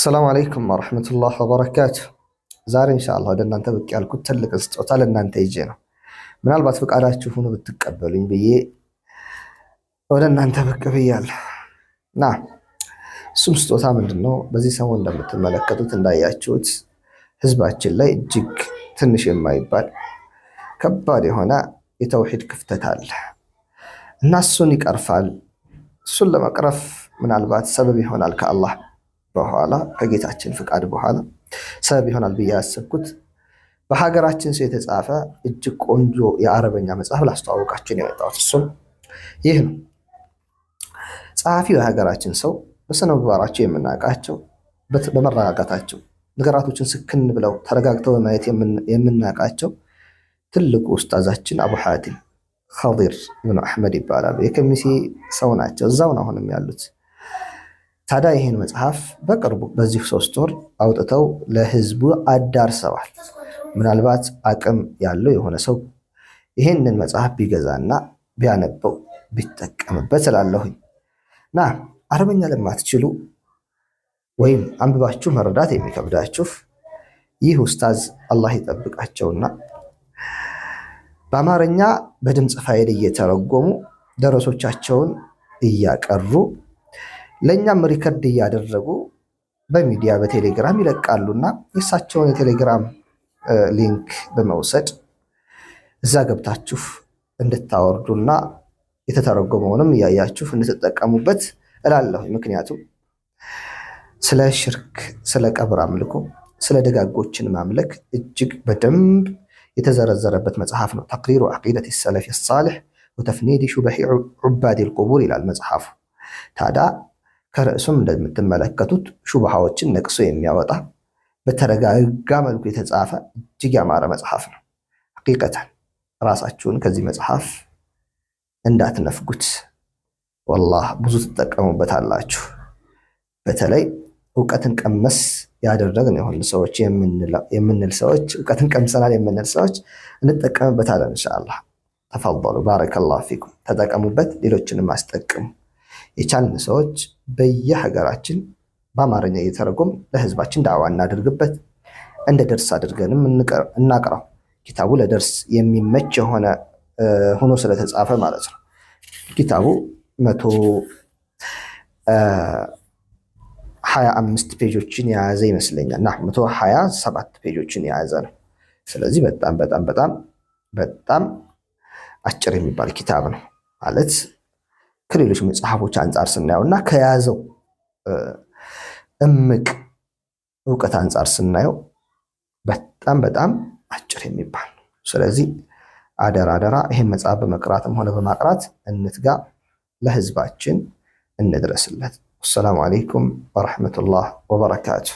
አሰላሙ አለይኩም ወረሕመቱላህ ወበረካቱ። ዛሬ እንሻላ ወደ እናንተ ብቅ ያልኩት ትልቅ ስጦታ ለእናንተ ይዤ ነው። ምናልባት ፈቃዳችሁ ሆኖ ብትቀበሉኝ ብዬ ወደ እናንተ ብቅ ብያለሁ እና እሱም ስጦታ ምንድን ነው? በዚህ ሰሞን እንደምትመለከቱት እንዳያችሁት ህዝባችን ላይ እጅግ ትንሽ የማይባል ከባድ የሆነ የተውሂድ ክፍተት አለ እና እሱን ይቀርፋል። እሱን ለመቅረፍ ምናልባት ሰበብ ይሆናል ከአላህ በኋላ ከጌታችን ፍቃድ በኋላ ሰበብ ይሆናል ብዬ ያሰብኩት በሀገራችን ሰው የተጻፈ እጅግ ቆንጆ የአረበኛ መጽሐፍ ላስተዋወቃችሁን የመጣሁት እሱም ይህ ነው። ጸሐፊው የሀገራችን ሰው በስነ ምግባራቸው የምናውቃቸው፣ በመረጋጋታቸው ነገራቶችን ስክን ብለው ተረጋግተው በማየት የምናውቃቸው ትልቁ ኡስታዛችን አቡ ሐቲም ኸዲር ብኑ አሕመድ ይባላሉ። የከሚሴ ሰው ናቸው። እዛውን አሁንም ያሉት ታዲያ ይህን መጽሐፍ በቅርቡ በዚህ ሶስት ወር አውጥተው ለህዝቡ አዳርሰዋል። ምናልባት አቅም ያለው የሆነ ሰው ይህንን መጽሐፍ ቢገዛና ቢያነበው ቢጠቀምበት ስላለሁኝ ና አረበኛ ለማትችሉ ወይም አንብባችሁ መረዳት የሚከብዳችሁ ይህ ኡስታዝ አላህ ይጠብቃቸውና በአማርኛ በድምፅ ፋይል እየተረጎሙ ደረሶቻቸውን እያቀሩ ለእኛም ሪከርድ እያደረጉ በሚዲያ በቴሌግራም ይለቃሉና የእሳቸውን የቴሌግራም ሊንክ በመውሰድ እዛ ገብታችሁ እንድታወርዱና የተተረጎመውንም እያያችሁ እንድትጠቀሙበት እላለሁ። ምክንያቱም ስለ ሽርክ፣ ስለ ቀብር አምልኮ፣ ስለ ደጋጎችን ማምለክ እጅግ በደንብ የተዘረዘረበት መጽሐፍ ነው። ተቅሪሩ ዐቂደት ሰለፊ ሳልሕ ወተፍኒድ ሹበሒ ዑባድ ልቁቡር ይላል መጽሐፉ ታዳ ከርዕሱም እንደምትመለከቱት ሹብሃዎችን ነቅሶ የሚያወጣ በተረጋጋ መልኩ የተጻፈ እጅግ ያማረ መጽሐፍ ነው። ሐቂቀተን ራሳችሁን ከዚህ መጽሐፍ እንዳትነፍጉት። ወላህ ብዙ ትጠቀሙበታላችሁ። በተለይ እውቀትን ቀመስ ያደረግን የሆን ሰዎች የምንል ሰዎች እውቀትን ቀምሰናል የምንል ሰዎች እንጠቀምበታለን። እንሻላ ተፈሉ ባረከላሁ ፊኩም። ተጠቀሙበት፣ ሌሎችንም አስጠቅሙ። የቻልን ሰዎች በየሀገራችን በአማርኛ እየተረጎም ለህዝባችን ዳዋ እናደርግበት። እንደ ደርስ አድርገንም እናቅራው። ኪታቡ ለደርስ የሚመች የሆነ ሆኖ ስለተጻፈ ማለት ነው። ኪታቡ መቶ ሀያ አምስት ፔጆችን የያዘ ይመስለኛል። ና መቶ ሀያ ሰባት ፔጆችን የያዘ ነው። ስለዚህ በጣም በጣም በጣም በጣም አጭር የሚባል ኪታብ ነው ማለት ከሌሎች መጽሐፎች አንጻር ስናየው እና ከያዘው እምቅ እውቀት አንጻር ስናየው በጣም በጣም አጭር የሚባል ነው። ስለዚህ አደራ አደራ ይህን መጽሐፍ በመቅራትም ሆነ በማቅራት እንትጋ፣ ለህዝባችን እንድረስለት። አሰላሙ አሌይኩም ወረሕመቱላህ ወበረካቱ።